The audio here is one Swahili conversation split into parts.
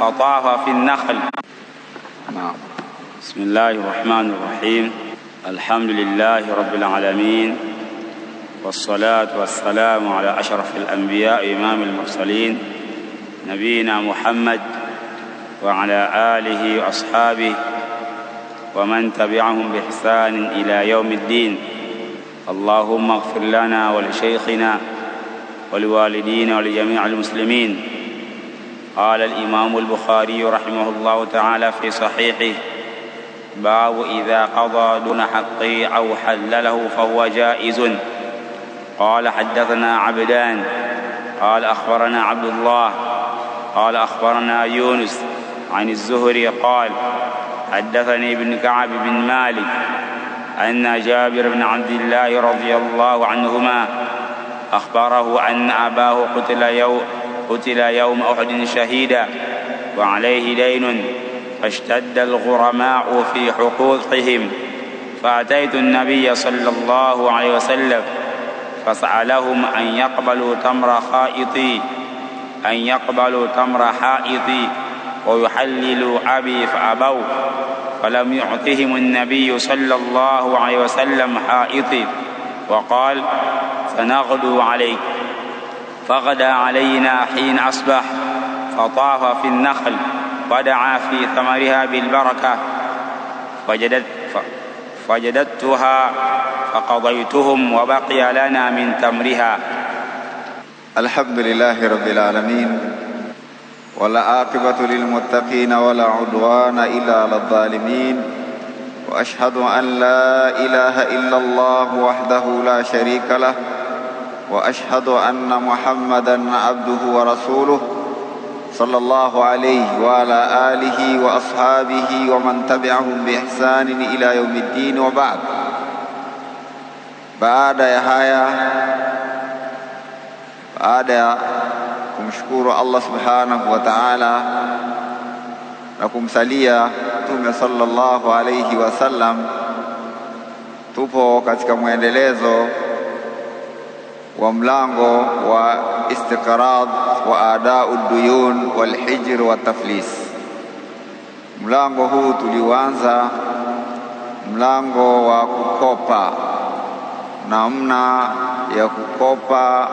فطاف في النخل نعم بسم الله الرحمن الرحيم الحمد لله رب العالمين والصلاة والسلام على أشرف الأنبياء إمام المرسلين نبينا محمد وعلى آله وأصحابه ومن تبعهم بإحسان إلى يوم الدين اللهم اغفر لنا ولشيخنا ولوالدينا ولجميع المسلمين قال الإمام البخاري رحمه الله تعالى في صحيحه باب إذا قضى دون حقه أو حلله فهو جائز قال حدثنا عبدان قال أخبرنا عبد الله قال أخبرنا يونس عن الزهري قال حدثني ابن كعب بن مالك أن جابر بن عبد الله رضي الله عنهما أخبره أن أباه قتل يوم قتل يوم أحد شهيدا وعليه دين فاشتد الغرماء في حقوقهم فأتيت النبي صلى الله عليه وسلم فسألهم أن يقبلوا تمر خائطي أن يقبلوا تمر حائطي ويحللوا أبي فأبوا فلم يعطهم النبي صلى الله عليه وسلم حائطي وقال سنغدو عليك فغدا علينا حين أصبح فطاف في النخل ودعا في ثمرها بالبركة فجدت فجددتها فقضيتهم وبقي لنا من تمرها الحمد لله رب العالمين والعاقبة للمتقين ولا عدوان إلا على الظالمين وأشهد أن لا إله إلا الله وحده لا شريك له وأشهد أن محمدًا عبده ورسوله صلى الله عليه وعلى آله وأصحابه ومن تبعهم بإحسان إلى يوم الدين وبعد بعد يا يهايا بعد يا كمشكور الله سبحانه وتعالى لكم سليا ثم صلى الله عليه وسلم تبو كتك مؤندلزو wa mlango wa istiqrad wa adau duyun wal hijr wa taflis. Mlango huu tuliuanza mlango wa kukopa, namna ya kukopa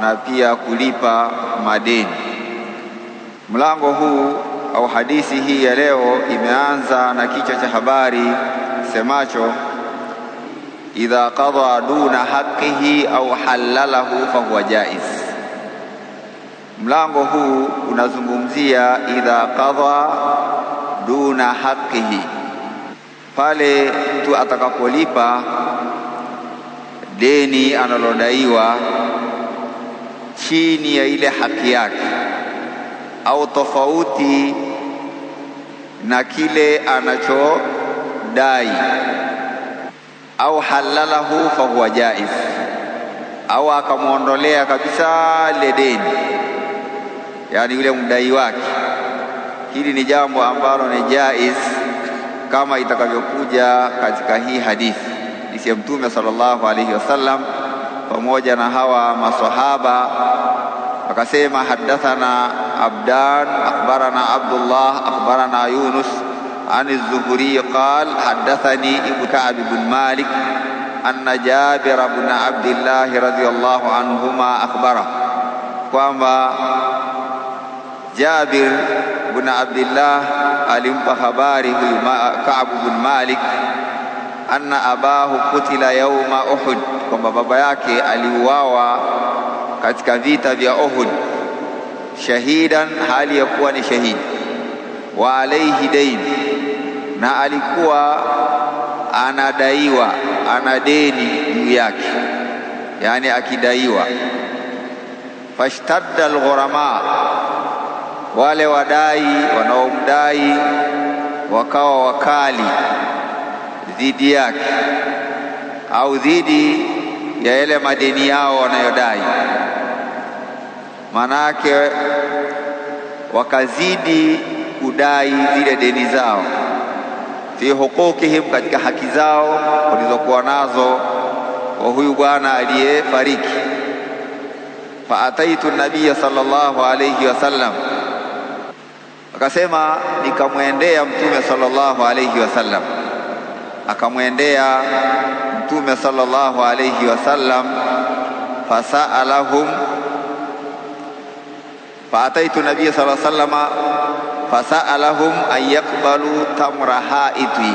na pia kulipa madeni. Mlango huu au hadithi hii ya leo imeanza na kichwa cha habari semacho idha qadha duna haqqihi au halalahu fahuwa jaiz. Mlango huu unazungumzia idha qadha duna haqqihi, pale mtu atakapolipa deni analodaiwa chini ya ile haki yake au tofauti na kile anachodai au halalahu fahuwa jaiz, au akamwondolea kabisa lile deni, yaani yule mdai wake. Hili ni jambo ambalo ni jaiz kama itakavyokuja katika hii hadithi hadithi ya Mtume sallallahu alaihi wasallam pamoja na hawa maswahaba akasema, hadathana Abdan akhbarana Abdullah akhbarana Yunus عن الزهري قال حدثني ابن كعب بن مالك أن جابر بن عبد الله رضي الله عنهما أخبره قام جابر بن عبد الله علم بخباره كعب بن مالك أن أباه قتل يوم أحد قام باباك علي واوا كتك فيتا في أحد شهيدا حاليا يكون شهيد وعليه دين na alikuwa anadaiwa, ana deni juu yake, yani akidaiwa. Fashtadda alghurama, wale wadai wanaomdai wakawa wakali dhidi yake, au dhidi ya yale madeni yao wanayodai. Manake wakazidi kudai zile deni zao fi huquqihim, katika haki zao walizokuwa nazo kwa huyu bwana aliyefariki. Fa ataitu nabiya sallallahu alayhi wasallam, akasema nikamwendea mtume sallallahu alayhi wasallam, akamwendea mtume sallallahu alayhi wasallam fasalahum, fa ataitu nabiya sallallahu alayhi wasallam fasalahum ayakbalu tamra haidhi.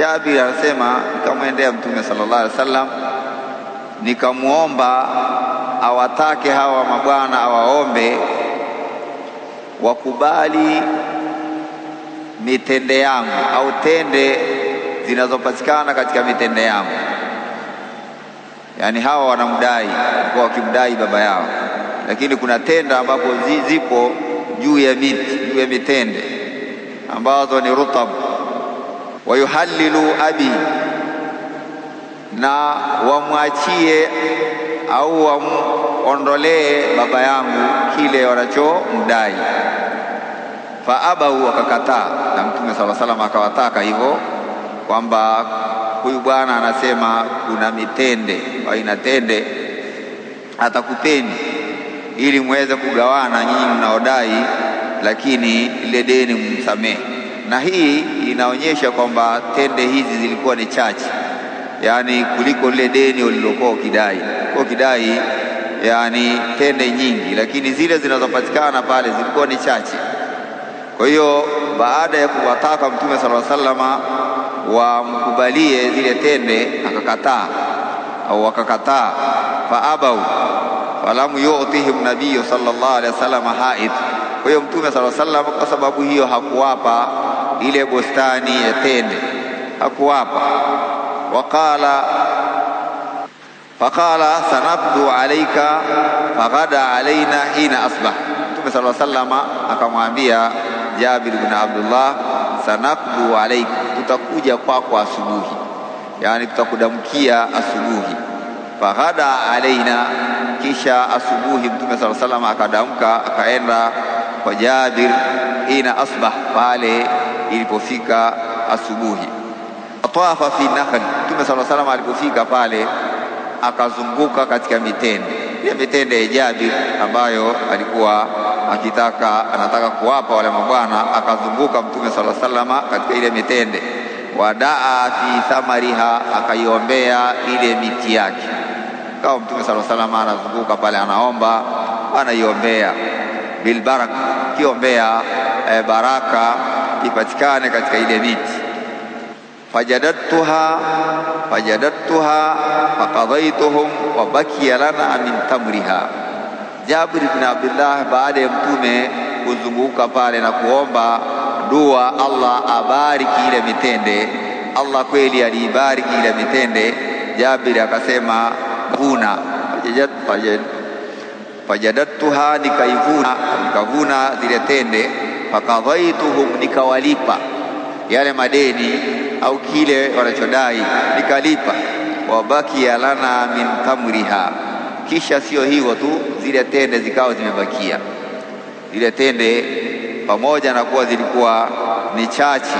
Jabir anasema nikamwendea Mtume sallallahu alaihi wasallam, nikamwomba awatake hawa mabwana awaombe wakubali mitende yangu au tende zinazopatikana katika mitende yangu. Yaani hawa wanamdai, walikuwa wakimdai baba yao, lakini kuna tenda ambapo zipo juu ya miti, juu ya mitende ambazo ni rutab. Wayuhallilu abi, na wamwachie au wamondolee baba yangu kile wanachomdai. Fa abau, wakakataa. Na Mtume sala salam akawataka hivyo kwamba huyu bwana anasema kuna mitende au ina tende atakupeni ili mweze kugawana nyinyi mnaodai, lakini ile deni msamehe. Na hii inaonyesha kwamba tende hizi zilikuwa ni chache, yaani kuliko lile deni ulilokuwa ukidai. Kwa kidai, yani tende nyingi, lakini zile zinazopatikana pale zilikuwa ni chache. Kwa hiyo baada ya kuwataka Mtume sala salama wamkubalie zile tende, akakataa au wakakataa, faabau walam yutihim nabiyu sallallahu alaihi wasallam haid. Kwa hiyo mtume sallallahu alaihi wasallam kwa sababu hiyo hakuwapa ile bustani ya tende, hakuwapa waqala faqala sanabdu alaika faghada alaina hina asbah. Mtume sallallahu alaihi wasallam akamwambia Jabir bin Abdullah, sanabdu alaika, tutakuja kwako kwa asubuhi, yani tutakudamkia asubuhi. Faghada alaina kisha asubuhi Mtume sala salam akadamka akaenda kwa Jabir ina asbah, pale ilipofika asubuhi. Atafa fi nakhl. Mtume sala salam alipofika pale akazunguka katika mitende ya mitende ya Jabir ambayo alikuwa akitaka anataka kuwapa wale mabwana. Akazunguka Mtume sala salama katika ile mitende, wadaa fi thamariha, akaiombea ile miti yake kama Mtume sala salama anazunguka pale, anaomba anaiombea bilbaraka, kiombea e, baraka ipatikane katika ile miti. Fajadadtuha fajadadtuha faqadaituhum wa bakiya lana min tamriha. Jabir bin Abdullah baada ya Mtume kuzunguka pale na kuomba dua, Allah abariki ile mitende. Allah kweli aliibariki ile mitende. Jabir akasema nikavuna fajadattuha, nikaivuna nikavuna zile tende, fakadhaituhum, nikawalipa yale madeni au kile wanachodai nikalipa. Wabakia lana min tamriha, kisha sio hivyo tu, zile tende zikawa zimebakia. Zile tende pamoja na kuwa zilikuwa ni chache,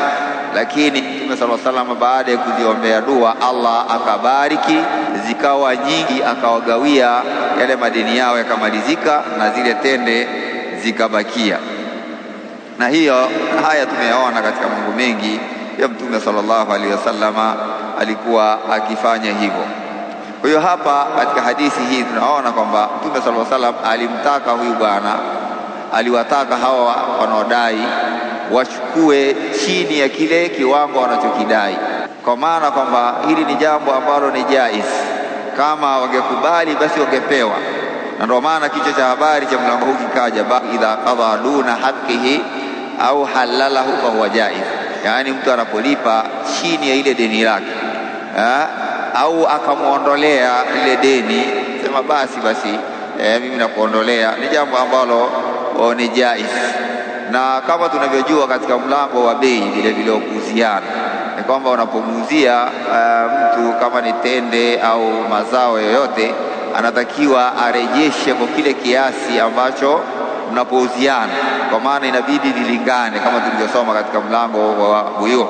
lakini Mtume alaihi wasallam, baada ya kuziombea dua, Allah akabariki zikawa nyingi, akawagawia yale madeni yao yakamalizika, na zile tende zikabakia. Na hiyo haya tumeyaona katika mambo mengi ya Mtume sallallahu alaihi wasallama alikuwa akifanya hivyo. Kwa hiyo hapa katika hadithi hii tunaona kwamba Mtume sallallahu alaihi wasallam alimtaka huyu bwana, aliwataka hawa wanaodai wachu kuwe chini ya kile kiwango wanachokidai, kwa maana kwamba hili ni jambo ambalo ni jais Kama wangekubali basi wangepewa, na ndio maana kichwa cha habari cha mlango huu kikaja idha qadha duna hakihi au halalahu fahuwa jais, yaani mtu anapolipa chini ya ile deni lake au akamwondolea ile deni, sema basi basi, eh, mimi nakuondolea, ni jambo ambalo oh, ni jais na kama tunavyojua katika mlango wa bei vile vile wa kuuziana ni kwamba unapomuuzia uh, mtu kama ni tende au mazao yoyote, anatakiwa arejeshe kwa kile kiasi ambacho mnapouziana, kwa maana inabidi vilingane, kama tulivyosoma katika mlango wa buyu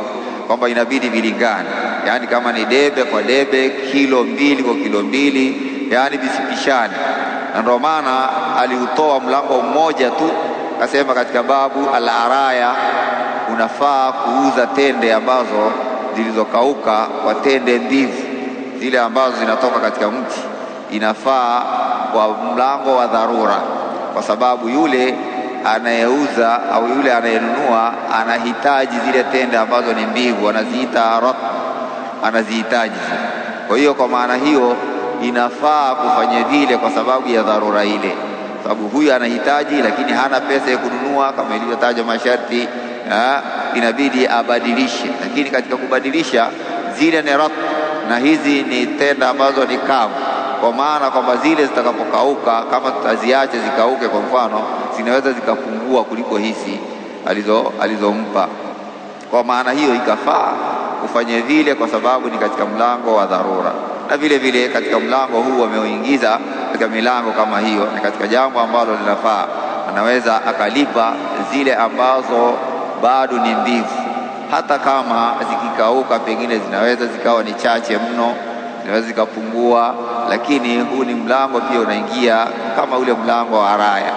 kwamba inabidi vilingane, yaani kama ni debe kwa debe, kilo mbili kwa kilo mbili, yaani visipishane. Ndio maana aliutoa mlango mmoja tu Kasema katika babu al-araya, unafaa kuuza tende ambazo zilizokauka kwa tende mbivu, zile ambazo zinatoka katika mti, inafaa kwa mlango wa dharura, kwa sababu yule anayeuza au yule anayenunua anahitaji zile tende ambazo ni mbivu, anaziita rat, anazihitaji. Kwa hiyo kwa maana hiyo inafaa kufanya vile kwa sababu ya dharura ile sababu huyu anahitaji lakini hana pesa ya kununua, kama ilivyotajwa masharti, inabidi abadilishe. Lakini katika kubadilisha zile ni rat na hizi ni tenda ambazo ni kavu, kwa maana kwamba zile zitakapokauka, kama tutaziache zikauke, kwa mfano, zinaweza zikapungua kuliko hizi alizompa Kwa maana hiyo ikafaa kufanya vile, kwa sababu ni katika mlango wa dharura, na vile vile katika mlango huu wameuingiza katika milango kama hiyo, ni katika jambo ambalo linafaa, anaweza akalipa zile ambazo bado ni mbivu, hata kama zikikauka, pengine zinaweza zikawa ni chache mno, zinaweza zikapungua, lakini huu ni mlango pia, unaingia kama ule mlango wa araya,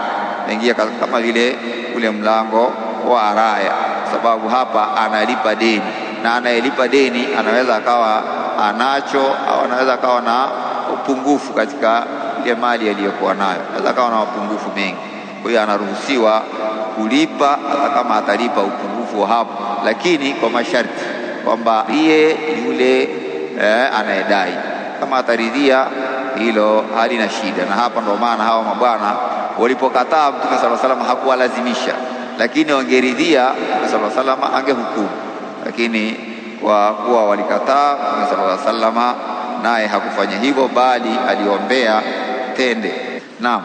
unaingia kama vile ule mlango wa araya, sababu hapa analipa deni, na anayelipa deni anaweza akawa anacho au anaweza akawa na upungufu katika ya mali aliyokuwa nayo, naweza kawa na mapungufu mengi. Kwa hiyo anaruhusiwa kulipa hata kama atalipa upungufu wa hapo, lakini kwa masharti kwamba iye yule eh, anayedai kama ataridhia hilo halina shida. Na hapa ndo maana hawa mabwana walipokataa, Mtume sala salama hakuwalazimisha, lakini wangeridhia Mtume sala salama angehukumu, lakini kwa kuwa walikataa, Mtume sala salama naye hakufanya hivyo, bali aliombea yatende. Naam. نعم.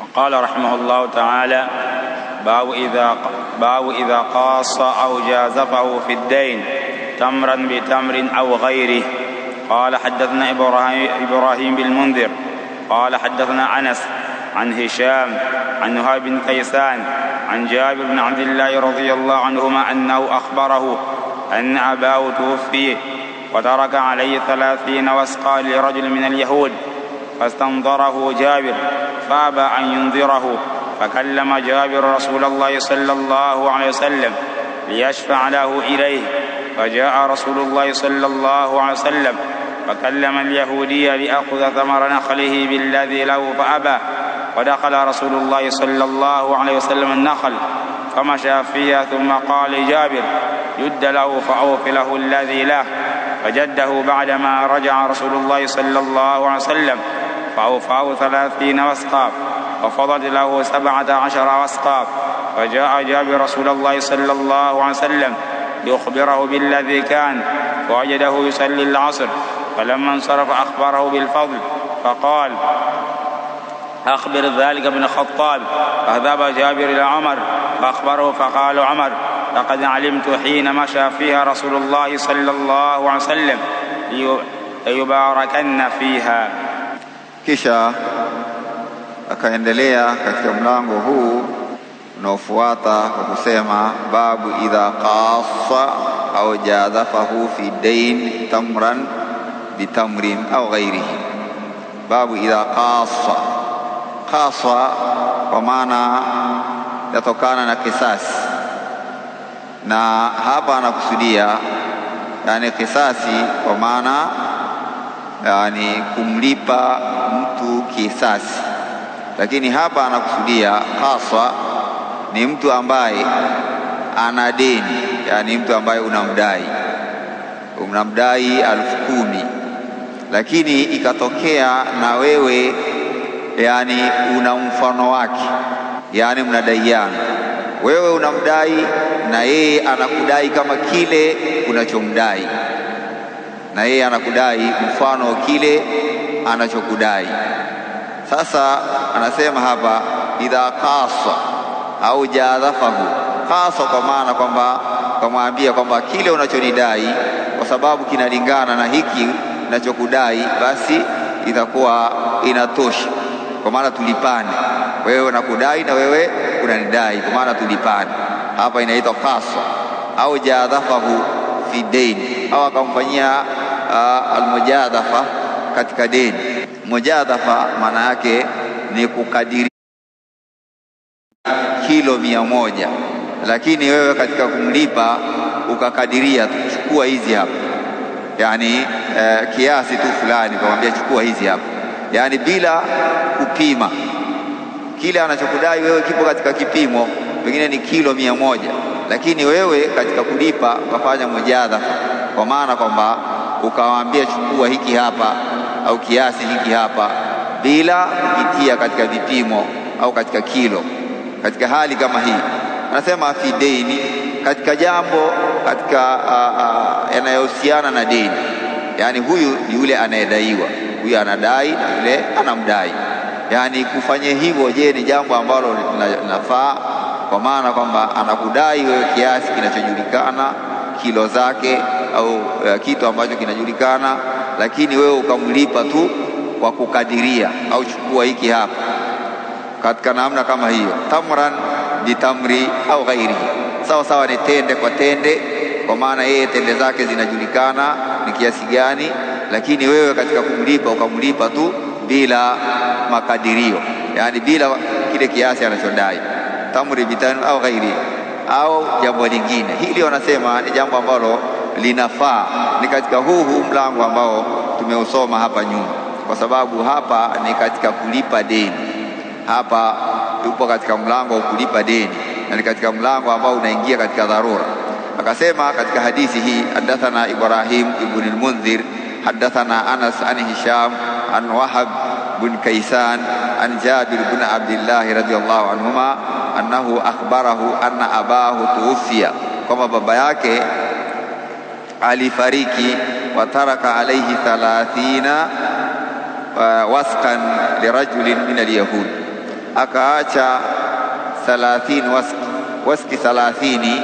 وقال رحمه الله تعالى idha اذا idha اذا قاص او جازفه في الدين تمرا بتمر او غيره قال حدثنا إبراهيم, إبراهيم بالمنذر قال حدثنا أنس عن هشام عن نهاب بن كيسان عن جابر بن عبد الله رضي الله عنهما أنه أخبره أن أباه توفي وترك عليه ثلاثين وسقى لرجل من اليهود فاستنظره جابر فابى أن ينظره فكلم جابر رسول الله صلى الله عليه وسلم ليشفع له إليه فجاء رسول الله صلى الله عليه وسلم فكلم اليهودي لأخذ ثمر نخله بالذي له فأبى ودخل رسول الله صلى الله عليه وسلم النخل فمشى فيها ثم قال لجابر جد له فأوف له الذي له فجده بعدما رجع رسول الله صلى الله عليه وسلم فأوفاه ثلاثين وسقاف وفضل له سبعة عشر وسقاف فجاء جابر رسول الله صلى الله عليه وسلم ليخبره بالذي كان فوجده يصلي العصر فلما انصرف أخبره بالفضل فقال أخبر ذلك ابن الخطاب فذهب جابر إلى عمر فأخبره فقال عمر لقد علمت حين مشى فيها رسول الله صلى الله عليه وسلم ليباركن فيها Kisha akaendelea katika mlango huu unaofuata kwa kusema babu idha qasa au jadhafahu fi dain tamran bitamrin au ghairihi. Babu idha qasa qasa, kwa maana yatokana na kisasi, na hapa anakusudia yani kisasi kwa maana yani ah, kumlipa mtu kisasi, lakini hapa anakusudia haswa ni mtu ambaye ana deni, yani mtu ambaye unamdai unamdai elfu kumi lakini ikatokea na wewe yani una mfano wake, yani mnadaiana, wewe unamdai na yeye anakudai kama kile unachomdai na yeye anakudai mfano kile anachokudai. Sasa anasema hapa idha qasa au jaadhafahu qasa, kwa maana kwamba ukamwambia kwamba kile unachonidai kwa sababu kinalingana na hiki nachokudai, basi itakuwa inatosha, kwa maana tulipane. Wewe nakudai na wewe unanidai, kwa maana tulipane. Hapa inaitwa qasa au jadhafahu fi deni, au akamfanyia Ah, almujadhafa katika dini. Mujadhafa maana yake ni kukadiria kilo mia moja, lakini wewe katika kumlipa ukakadiria chukua hizi hapa, yani eh, kiasi tu fulani, kamwambia chukua hizi hapa, yani bila kupima kile anachokudai wewe kipo katika kipimo, pengine ni kilo mia moja, lakini wewe katika kulipa ukafanya mujadhafa, kwa maana kwamba ukawaambia chukua hiki hapa au kiasi hiki hapa, bila kupitia katika vipimo au katika kilo. Katika hali kama hii, anasema fi deini, katika jambo katika yanayohusiana na deni, yani huyu yule anayedaiwa, huyu anadai na yule anamdai. Yani kufanya hivyo, je, ni jambo ambalo linafaa? Kwa maana kwamba anakudai wewe kiasi kinachojulikana kilo zake au uh, kitu ambacho kinajulikana, lakini wewe ukamlipa tu kwa kukadiria, au chukua hiki hapa, katika namna kama hiyo, tamran bitamri au ghairi, sawa sawa, ni tende kwa tende, kwa maana yeye tende zake zinajulikana ni kiasi gani, lakini wewe katika kumlipa ukamlipa tu bila makadirio, yani bila kile kiasi anachodai, tamri bitan au ghairi au jambo lingine. Hili wanasema ni jambo ambalo linafaa, ni katika huu huu mlango ambao tumeusoma hapa nyuma, kwa sababu hapa ni katika kulipa deni. Hapa yupo katika mlango wa kulipa deni, na ni katika mlango ambao unaingia katika dharura. Akasema katika hadithi hii, hadathana Ibrahim ibn al munzir hadathana Anas an Hisham an Wahab bin Kaysan an Jabir bin Abdullah radhiyallahu anhuma annahu akhbarahu anna abahu tuwfiya, kwamba baba yake alifariki, wa taraka alayhi thalathina wasqan lirajulin min alyahud, akaacha wasq waski thalathini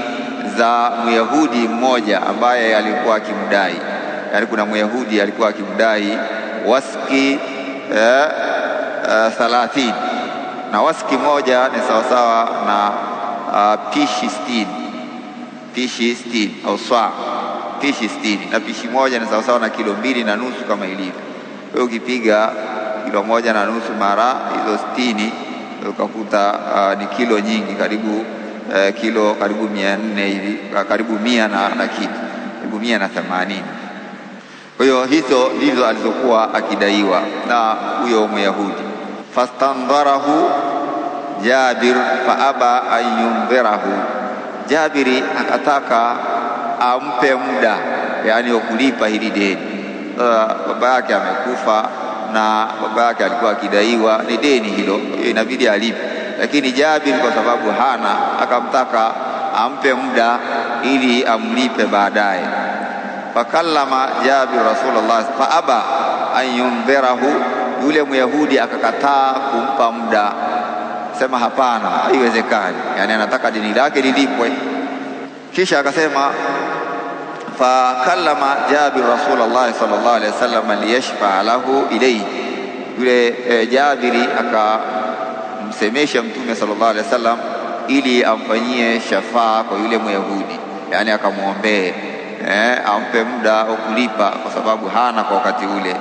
za Myahudi mmoja ambaye alikuwa akimdai. Yani kuna Myahudi alikuwa akimdai waski eh, eh, thalathini na waski moja ni sawasawa na uh, pishi stini pishi stini au swa pishi stini na pishi moja ni sawasawa na kilo mbili na nusu kama ilivyo. Kwa hiyo ukipiga kilo moja na nusu mara hizo stini ukakuta uh, ni kilo nyingi karibu uh, kilo karibu mia nne hivi ah, karibu mia na, na kitu karibu mia na themanini. Kwa hiyo hizo ndizo alizokuwa akidaiwa na huyo Myahudi fastandharahu Jabir faaba an yundhirahu, Jabiri akataka ampe muda, yaani wa kulipa hili deni. Sasa baba yake amekufa na baba yake alikuwa akidaiwa, ni deni hilo, inabidi alipe, lakini Jabiri kwa sababu hana, akamtaka ampe muda ili amlipe baadaye. Fakallama Jabir rasulullah faaba an yundhirahu yule Myahudi akakataa kumpa muda, sema hapana, haiwezekani. Yani anataka dini lake lilipwe. Kisha akasema fakallama Jabir Rasulullah sallallahu alaihi wasallam liyashfaa lahu ilayhi, yule e, Jabiri akamsemesha Mtume sallallahu alaihi wasallam ili amfanyie shafaa kwa yule Myahudi, yani akamwombee, eh, ampe muda wa kulipa kwa sababu hana kwa wakati ule.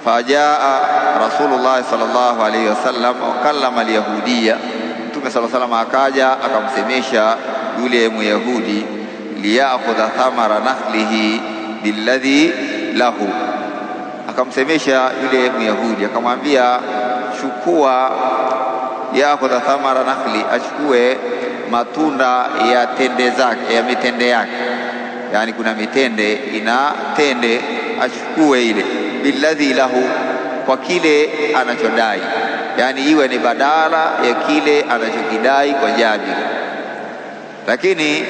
Fajaa Rasulullahi sallallahu alaihi wasallam wakallama alyahudiya, Mtume sallallahu alaihi wasallam akaja akamsemesha yule Myahudi, liyakhudha thamara nakhlihi billadhi lahu, akamsemesha yule Myahudi akamwambia, chukua yakhudha thamara nakhli, achukue matunda ya tende zake, ya mitende yake, yaani kuna mitende ina tende, achukue ile billadhi lahu, kwa kile anachodai, yani iwe ni badala ya kile anachokidai kwa jabi. Lakini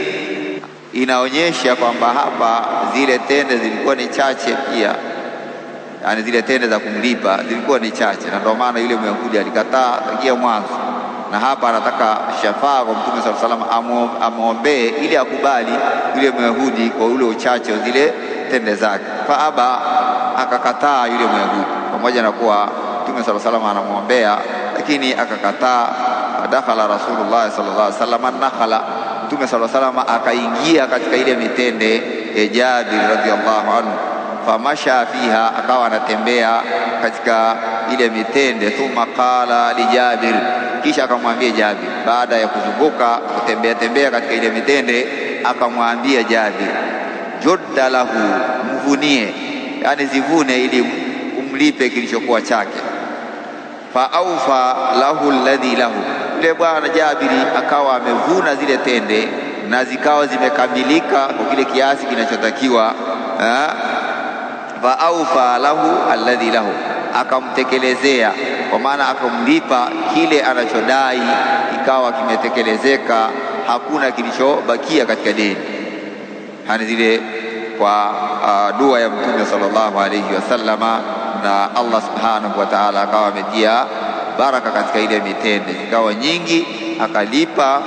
inaonyesha kwamba hapa zile tende zilikuwa ni chache pia, yani zile tende za kumlipa zilikuwa ni chache, na ndio maana yule Myahudi alikataa takia mwanzo, na hapa anataka shafaa kwa Mtume sala salam amwombee ili akubali yule Myahudi kwa ule uchache zile tende zake faaba akakataa yule mweguku, pamoja na kuwa Mtume sala salam anamwombea, lakini akakataa. Fadakhala Rasulullah sallallahu alaihi wasallam annakhala Mtume sala salama akaingia katika ile mitende ya Jabir radhiyallahu anhu famasha fiha, akawa anatembea katika ile mitende. Thumma qala li Jabir, kisha akamwambia Jabir. Baada ya kuzunguka kutembea tembea katika ile mitende, akamwambia Jabir, jodda lahu, mvunie yani zivune ili umlipe kilichokuwa chake. Fa aufa lahu alladhi lahu, yule bwana Jabiri akawa amevuna zile tende na zikawa zimekamilika kwa kile kiasi kinachotakiwa. Fa aufa lahu alladhi lahu, akamtekelezea kwa maana akamlipa kile anachodai, ikawa kimetekelezeka, hakuna kilichobakia katika deni, yani zile kwa uh, dua ya Mtume sallallahu alayhi wasallama, na Allah subhanahu wa ta'ala akawa amejia baraka katika ile mitende ikawa nyingi, akalipa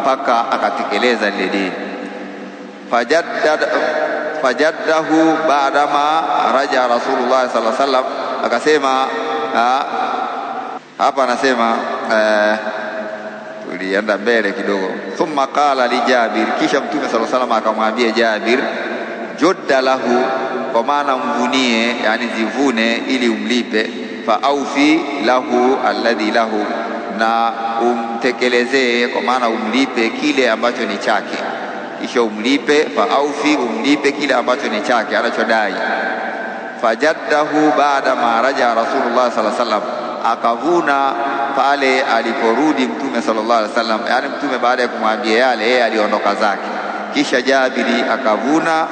mpaka akatekeleza lile dini fajaddad fajaddahu baadama raja Rasulullah sallallahu alayhi wasallam, akasema ha, ah, hapa anasema eh, tulienda mbele kidogo. Thumma qala li Jabir, kisha mtume sallallahu alayhi wasallam akamwambia Jabir jodda lahu, kwa maana mvunie, yani zivune ili umlipe. fa aufi lahu alladhi lahu, na umtekelezee, kwa maana umlipe kile ambacho ni chake, kisha umlipe. fa aufi umlipe kile ambacho ni chake, anachodai. Fajaddahu baada ma raja Rasulullah sallallahu alaihi wasallam, akavuna pale aliporudi Mtume sallallahu alaihi wasallam, yani Mtume baada ya kumwambia yale, yeye aliondoka zake, kisha Jabiri akavuna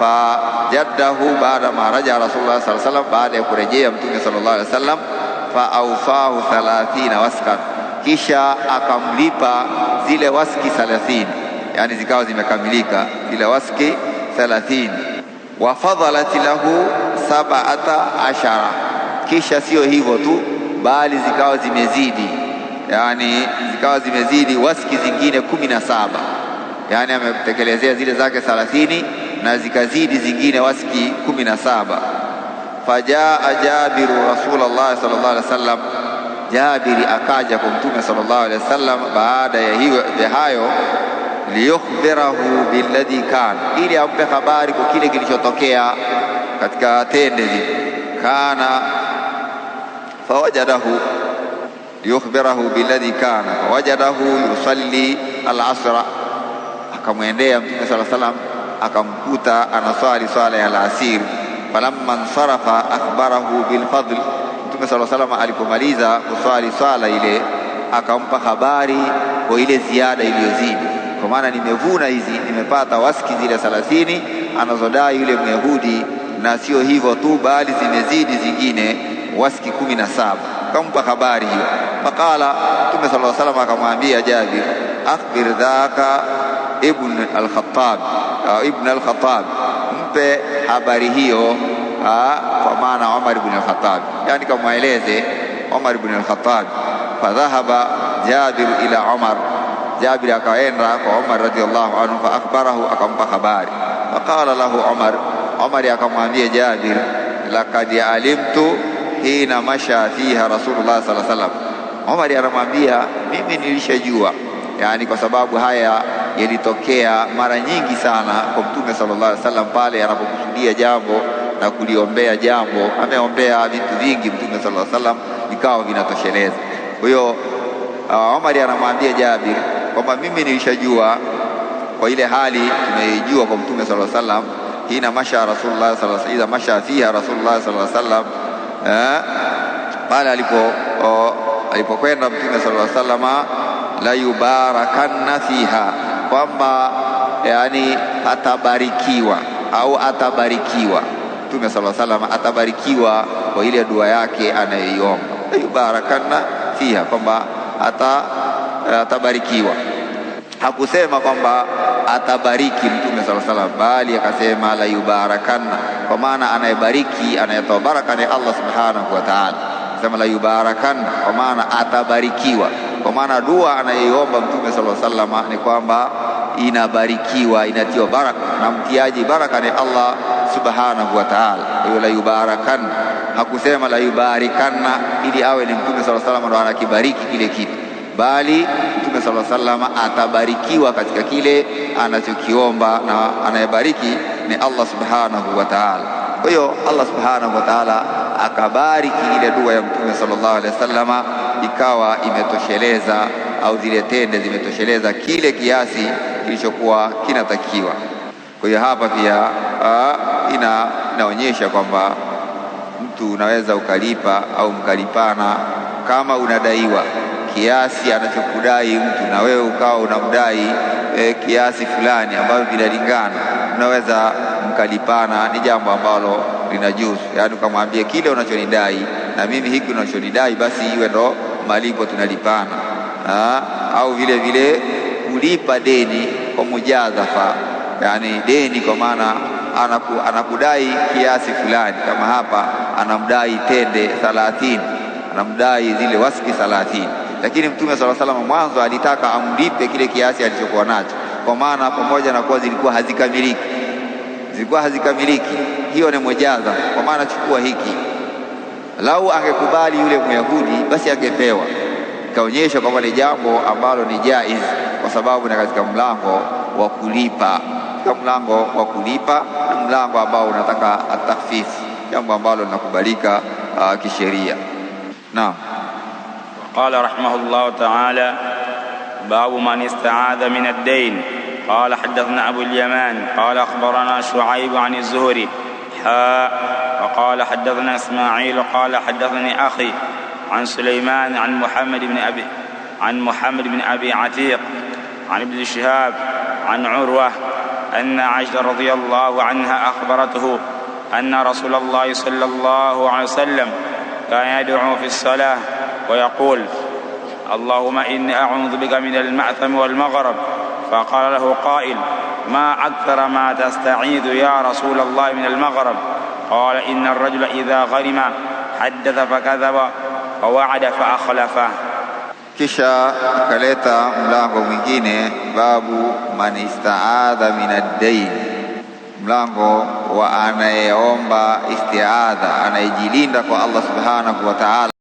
fajaddahu baada ma raja rasulullah sallallahu alaihi wasallam, baada ya kurejea mtume sallallahu alaihi wasallam, fa aufahu 30 waskan, kisha akamlipa zile waski 30, yani zikawa zimekamilika zile waski 30. Wa fadalat lahu sab'ata ashara, kisha sio hivyo tu, bali zikawa zimezidi yani zikawa zimezidi waski zingine kumi na saba, yani ametekelezea zile zake thalathini na zikazidi zingine wasiki kumi na saba. Fajaa Jabiru Rasulullah sallallahu alaihi wasallam, Jabiri akaja kwa Mtume sallallahu alaihi wasallam baada ya hiyo hayo, liyukhbirahu billadhi kana, ili ampe habari kwa kile kilichotokea katika tendezi kana fawajadahu liyukhbirahu billadhi kana fawajadahu yusalli alasra, akamwendea Mtume sallallahu alaihi wasallam akamkuta anaswali swala ya alasiri. Falamma nsarafa akhbarahu bilfadl, Mtume sala salama alipomaliza kuswali swala ile akampa habari kwa ile ziada iliyozidi, kwa maana nimevuna hizi, nimepata waski zile thalathini anazodai yule Myahudi, na sio hivyo tu, bali zimezidi zingine waski kumi na saba. Akampa habari hiyo, faqala Mtume sallallahu alaihi wasallam akamwambia Jabir, akhbir dhaka ibn al-Khattab Ah, ibn al-Khattab, mpe habari hiyo ah, kwa maana Umar ibn al-Khattab, yani kamweleze Umar ibn al-Khattab. Fadhahaba Jabir ila Umar, Jabir akaenda kwa Umar radhiyallahu anhu, fa akhbarahu, akampa habari. Faqala lahu Umar, Umar akamwambia Jabir, laqad alimtu hina masha fiha Rasulullah sallallahu alaihi wasallam. Umar anamwambia mimi nilishajua, yani kwa sababu haya yalitokea mara nyingi sana kwa Mtume sallallahu alaihi wasallam pale anapokusudia jambo na kuliombea jambo. Ameombea vitu vingi Mtume sallallahu alaihi wasallam vikawa vinatosheleza. Kwa hiyo uh, Omar anamwambia Jabir kwamba mimi nilishajua kwa ile hali tumeijua kwa Mtume sallallahu alaihi wasallam hina masha rasulullah sallallahu alaihi wasallam masha fiha rasulullah sallallahu alaihi wasallam eh, pale uh, alipokwenda Mtume sallallahu alaihi wasallam layubarakanna fiha, kwamba yani atabarikiwa au atabarikiwa Mtume sala salam atabarikiwa kwa ile dua yake anayoiomba, yubarakanna fiha, kwamba ata, atabarikiwa. Hakusema kwamba atabariki Mtume sala salam, bali akasema layubarakanna, kwa maana anayebariki anayetoa baraka ni Allah subhanahu wa taala. la layubarakanna, kwa maana atabarikiwa. Kwa maana dua anayeiomba Mtume sallallahu salama ni kwamba inabarikiwa, inatiwa baraka, na mtiaji baraka ni Allah subhanahu wa ta'ala. Hiyo la yubarakan, hakusema la yubarikanna ili awe ni Mtume sallallahu alaihi ndo anakibariki kile kitu, bali Mtume sallallahu salama atabarikiwa katika kile anachokiomba, na anayebariki ni Allah subhanahu wa ta'ala. Kwa hiyo Allah subhanahu wa ta'ala akabariki ile dua ya Mtume sallallahu alaihi wasalama ikawa imetosheleza au zile tende zimetosheleza kile kiasi kilichokuwa kinatakiwa. Kwa hiyo hapa pia ina, inaonyesha kwamba mtu unaweza ukalipa au mkalipana kama unadaiwa kiasi anachokudai mtu na wewe ukawa unamdai e, kiasi fulani ambavyo vinalingana, unaweza mkalipana. Ni jambo ambalo linajuzu, yaani ukamwambia kile unachonidai na mimi hiki unachonidai, basi iwe ndo malipo tunalipana ha? au vile vile kulipa deni kwa mujadhafa, yani deni kwa maana anaku, anakudai kiasi fulani, kama hapa anamdai tende thalathini, anamdai zile wasiki thalathini, lakini Mtume sala salama mwanzo alitaka amlipe kile kiasi alichokuwa nacho, kwa maana pamoja na kuwa zilikuwa hazikamiliki, zilikuwa hazikamiliki, hiyo ni mujadhafa, kwa maana chukua hiki Lau angekubali yule Myahudi, basi angepewa ikaonyesha kwamba ni jambo ambalo ni jaiz, kwa sababu ni katika mlango wa kulipa, katika mlango wa kulipa na mlango ambao unataka atakfif, jambo ambalo linakubalika uh, kisheria. Naam, qala rahimahullahu ta'ala babu man istaadha min ad-dayn qala hadathna Abu al-Yaman qala akhbarana Shu'aib an az-Zuhri حاء وقال حدثنا إسماعيل قال حدثني أخي عن سليمان عن محمد بن أبي عن محمد بن أبي عتيق عن ابن شهاب عن عروة أن عائشة رضي الله عنها أخبرته أن رسول الله صلى الله عليه وسلم كان يدعو في الصلاة ويقول اللهم إني أعوذ بك من المأثم والمغرب فقال له قائل ما أكثر ما تستعيذ يا رسول الله من المغرب قال إن الرجل إذا غرم حدث فكذب ووعد فأخلف كشا كليتا ملانغو مجينة باب من استعاذ من الدين ملانغو وأنا يومبا استعاذ أنا يجي لك الله سبحانه وتعالى